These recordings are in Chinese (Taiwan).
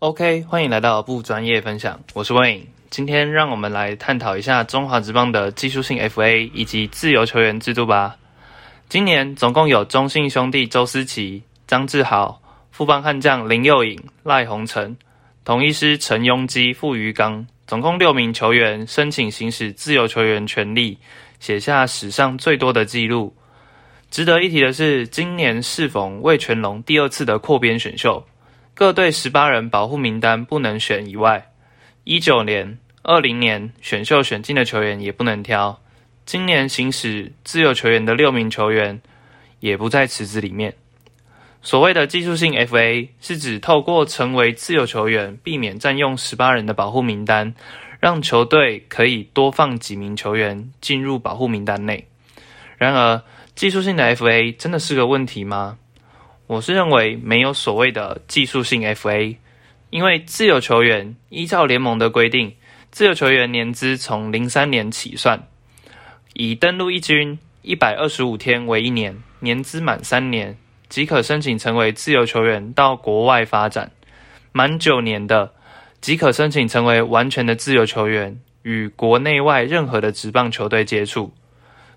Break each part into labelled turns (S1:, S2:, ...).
S1: OK，歡迎來到不專業分享，我是韋恩。今天讓我們來探討一下中華職棒的技術性 FA 以及自由球員制度吧。今年總共有中信兄弟周思齊、張志豪、富邦悍將林宥穎、賴鴻誠、統一獅陳鏞基、傅於剛，總共六名球員申請行使自由球員權利，寫下史上最多的記錄。值得一提的是，今年適逢味全龍第二次的擴編選秀。各隊十八人保護名單不能選以外，一九年、二零年選秀選進的球員也不能挑，今年行使自由球員的六名球員也不在池子裡面。所謂的技術性 FA 是指透過成為自由球員，避免占用十八人的保護名單，讓球隊可以多放幾名球員進入保護名單內。然而，技術性的 FA 真的是個問題嗎？我是認為沒有所謂的技術性 FA，因為自由球員依照聯盟的規定，自由球員年資從零三年起算，以登錄一軍一百二十五天為一年，年資滿三年即可申請成為自由球員到國外發展，滿九年的即可申請成為完全的自由球員，與國內外任何的職棒球隊接觸。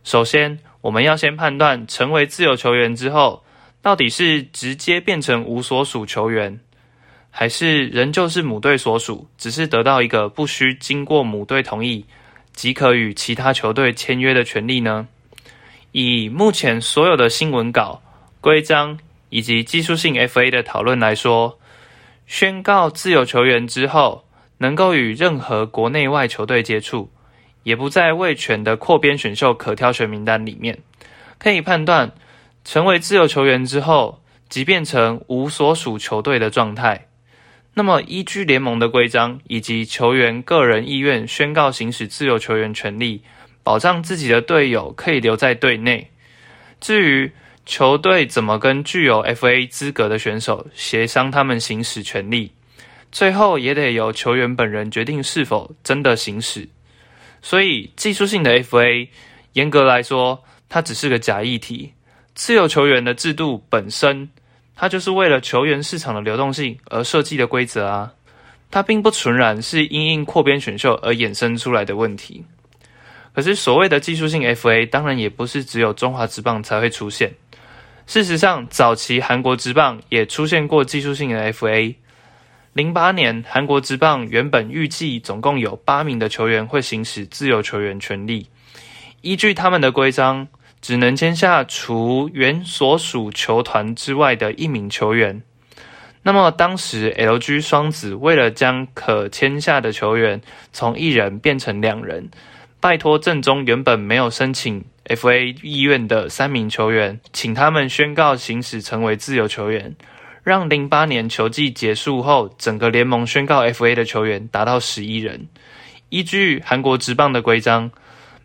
S1: 首先，我們要先判斷成為自由球員之後。到底是直接變成無所屬球員，還是仍舊是母隊所屬，只是得到一個不需經過母隊同意即可與其他球隊簽約的權利呢？以目前所有的新聞稿、規章以及技術性 FA 的討論來說，宣告自由球員之後，能夠與任何國內外球隊接觸，也不在味全的擴編選秀可挑選名單裡面，可以判斷。成為自由球員之後，即變成無所屬球隊的狀態。那麼，依據聯盟的規章以及球員個人意願，宣告行使自由球員權利，保障自己的隊友可以留在隊內。至於球隊怎麼跟具有 FA 資格的選手協商，他們行使權利，最後也得由球員本人決定是否真的行使。所以，技術性的 FA，嚴格來說，它只是個假議題。自由球員的制度本身，它就是為了球員市場的流動性而設計的規則啊，它並不純然是因應擴編選秀而衍生出來的問題。可是所謂的技術性 FA，當然也不是只有中華職棒才會出現。事實上，早期韓國職棒也出現過技術性的 FA。零八年韓國職棒原本預計總共有八名的球員會行使自由球員權利，依據他們的規章。只能簽下除原所屬球團之外的一名球員。那麼，當時 LG 雙子為了將可簽下的球員從一人變成兩人，拜託陣中原本沒有申請 FA 意願的三名球員，請他們宣告行使成為自由球員，讓零八年球季結束後，整個聯盟宣告 FA 的球員達到十一人。依據韓國職棒的規章，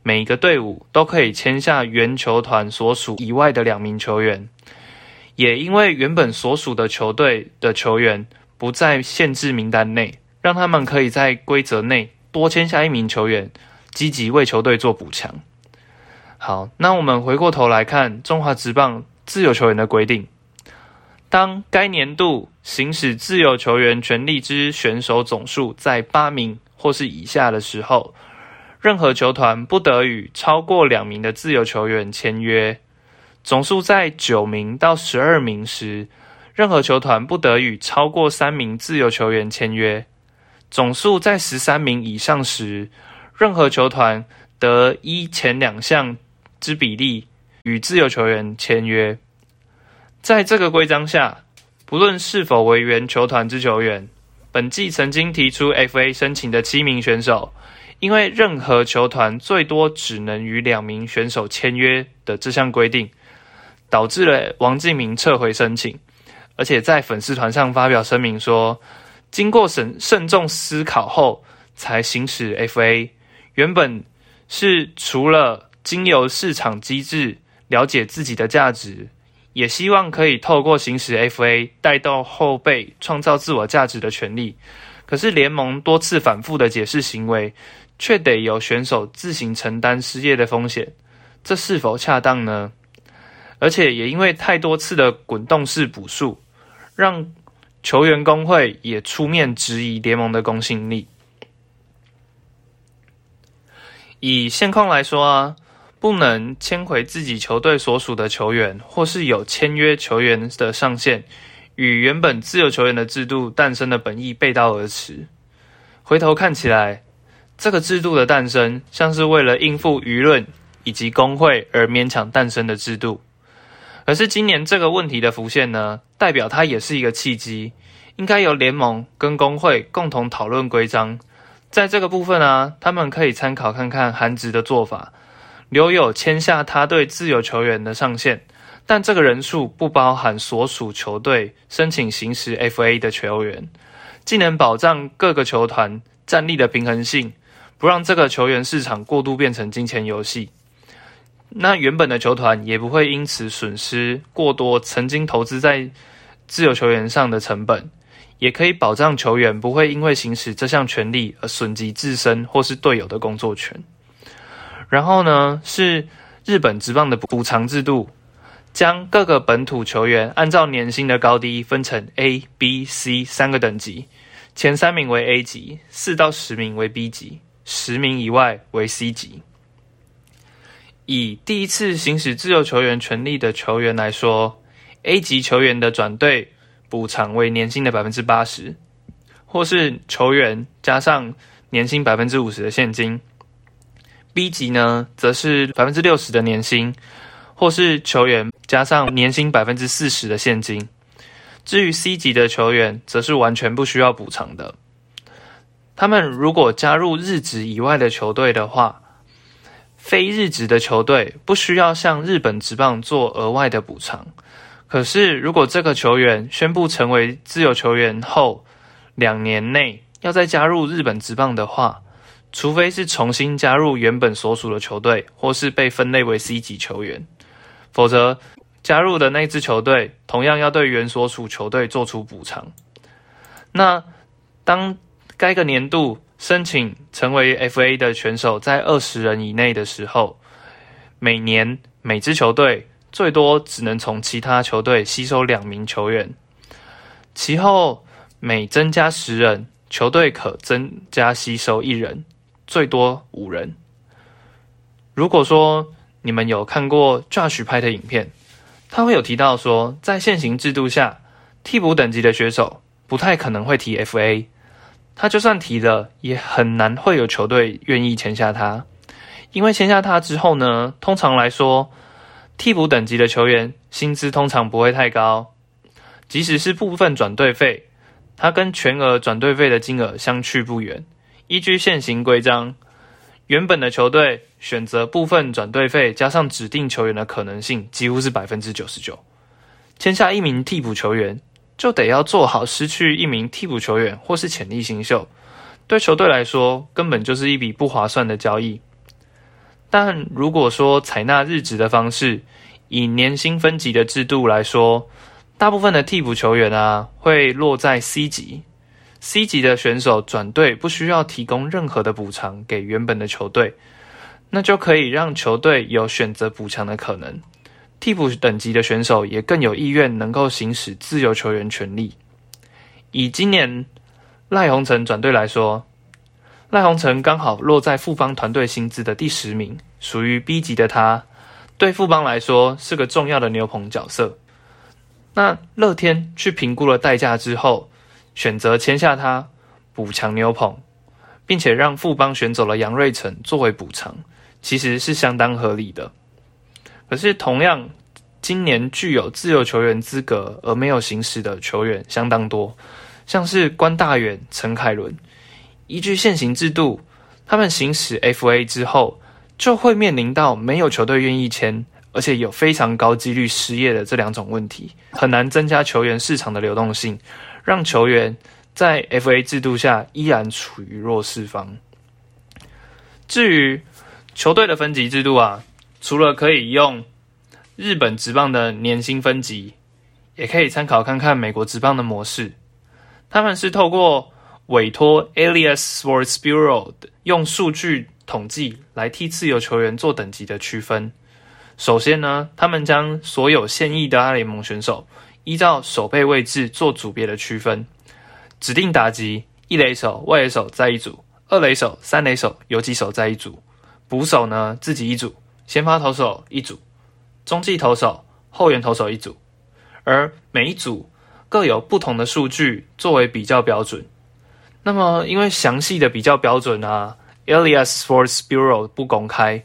S1: 每一個隊伍都可以簽下原球團所屬以外的兩名球員，也因為原本所屬的球隊的球員不在限制名單內，讓他們可以在規則內多簽下一名球員，積極為球隊做補強。好，那我們回過頭來看中華職棒自由球員的規定，當該年度行使自由球員權利之選手總數在八名或是以下的時候。任何球團不得與超過兩名的自由球員簽約，總數在九名到十二名時，任何球團不得與超過三名自由球員簽約，總數在十三名以上時，任何球團得依前兩項之比例與自由球員簽約。在這個規章下，不論是否為原球團之球員，本季曾經提出 FA 申請的七名選手。因為任何球團最多只能與兩名選手簽約的這項規定，導致了王鏡銘撤回申請，而且在粉絲團上發表聲明說，經過慎慎重思考後才行使 FA。原本是除了經由市場機制了解自己的價值，也希望可以透過行使 FA 帶動後輩創造自我價值的權利。可是聯盟多次反覆的解釋行為。卻得由選手自行承擔失業的風險，這是否恰當呢？而且也因為太多次的滾動式補數，讓球員工會也出面質疑聯盟的公信力。以現況來說啊，不能簽回自己球隊所屬的球員，或是有簽約球員的上限，與原本自由球員的制度誕生的本意背道而馳。回頭看起來。這個制度的誕生，像是為了應付輿論以及工會而勉強誕生的制度。而是今年這個問題的浮現呢，代表它也是一個契機，應該由聯盟跟工會共同討論規章。在這個部分啊，他們可以參考看看韓職的做法，留有簽下他隊自由球員的上限，但這個人數不包含所屬球隊申請行使 FA 的球員，既能保障各個球團戰力的平衡性。不讓這個球員市場過度變成金錢遊戲，那原本的球團也不會因此損失過多曾經投資在自由球員上的成本，也可以保障球員不會因為行使這項權利而損及自身或是隊友的工作權。然後呢，是日本職棒的補償制度，將各個本土球員按照年薪的高低分成 A、B、C 三個等級，前三名為 A 級，四到十名為 B 級。十名以外為 C 級。以第一次行使自由球員權利的球員來說，A 級球員的轉隊補償為年薪的百分之八十，或是球員加上年薪百分之五十的現金。B 級呢，則是百分之六十的年薪，或是球員加上年薪百分之四十的現金。至於 C 級的球員，則是完全不需要補償的。他們如果加入日職以外的球隊的話，非日職的球隊不需要向日本職棒做額外的補償。可是，如果這個球員宣布成為自由球員後，兩年內要再加入日本職棒的話，除非是重新加入原本所屬的球隊，或是被分類為 C 級球員，否則加入的那支球隊同樣要對原所屬球隊做出補償。那，當該個年度申請成為 FA 的選手，在二十人以內的時候，每年每支球隊最多只能從其他球隊吸收兩名球員。其後每增加十人，球隊可增加吸收一人，最多五人。如果說你們有看過 Josh 拍的影片，他會有提到說，在現行制度下，替補等級的選手不太可能會提 FA。他就算提了，也很難會有球隊願意簽下他，因為簽下他之後呢，通常來說，替補等級的球員薪資通常不會太高，即使是部分轉隊費，他跟全額轉隊費的金額相去不遠。依據現行規章，原本的球隊選擇部分轉隊費加上指定球員的可能性幾乎是百分之九十九，簽下一名替補球員。就得要做好失去一名替補球員或是潛力新秀，對球隊來說根本就是一筆不划算的交易。但如果說採納日職的方式，以年薪分級的制度來說，大部分的替補球員啊會落在 C 級，C 級的選手轉隊不需要提供任何的補償給原本的球隊，那就可以讓球隊有選擇補強的可能。替補等級的選手也更有意願能夠行使自由球員權利。以今年賴鴻誠轉隊來說，賴鴻誠剛好落在富邦團隊薪資的第十名，屬於 B 級的他，對富邦來說是個重要的牛棚角色。那樂天去評估了代價之後，選擇簽下他補強牛棚，並且讓富邦選走了楊瑞成作為補償，其實是相當合理的。可是，同樣，今年具有自由球員資格而沒有行使的球員相當多，像是官大元、陳凱倫。依據現行制度，他們行使 FA 之後，就會面臨到沒有球隊願意簽，而且有非常高幾率失業的這兩種問題，很難增加球員市場的流動性，讓球員在 FA 制度下依然處於弱勢方。至於球隊的分級制度啊。除了可以用日本職棒的年薪分級，也可以參考看看美國職棒的模式。他們是透過委託 Elias Sports Bureau 用數據統計來替自由球員做等級的區分。首先呢，他們將所有現役的阿聯盟選手依照守備位置做組別的區分，指定打擊，一壘手、外野手在一組，二壘手、三壘手、游擊手在一組，捕手呢，自己一組。先發投手一組，中繼投手、後援投手一組，而每一組各有不同的數據作為比較標準。那麼，因為詳細的比較標準啊，Elias Sports Bureau 不公開，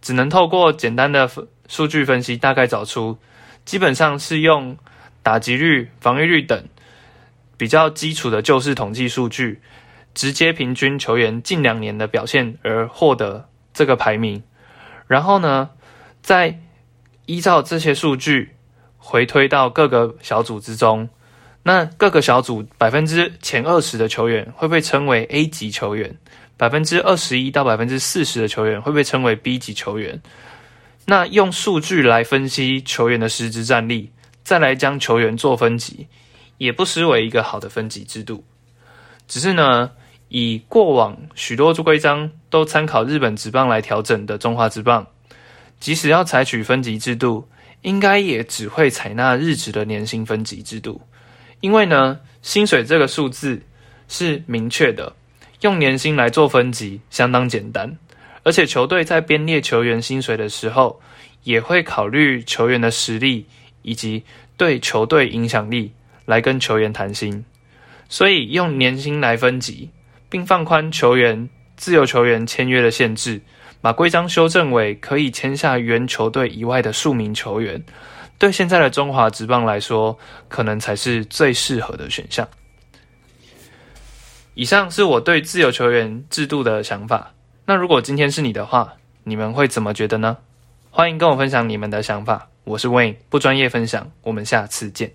S1: 只能透過簡單的數據分析，大概找出基本上是用打擊率、防禦率等比較基礎的舊式統計數據，直接平均球員近兩年的表現而獲得這個排名。然後呢，再依照這些數據回推到各個小組之中，那各個小組百分之前二十的球員會被稱為 A 級球員，百分之二十一到百分之四十的球員會被稱為 B 級球員。那用數據來分析球員的實質戰力，再來將球員做分級，也不失為一個好的分級制度。只是呢，以過往許多規章都參考日本職棒來調整的中華職棒，即使要採取分級制度，應該也只會採納日職的年薪分級制度。因為呢，薪水這個數字是明確的，用年薪來做分級相當簡單。而且球隊在編列球員薪水的時候，也會考慮球員的實力以及對球隊影響力來跟球員談薪，所以用年薪來分級，並放寬球員自由球員簽約的限制，把規章修正為可以簽下原球隊以外的數名球員，對現在的中華職棒來說，可能才是最適合的選項。以上是我對自由球員制度的想法。那如果今天是你的話，你們會怎麼覺得呢？歡迎跟我分享你們的想法。我是 Wayne，不專業分享。我們下次見。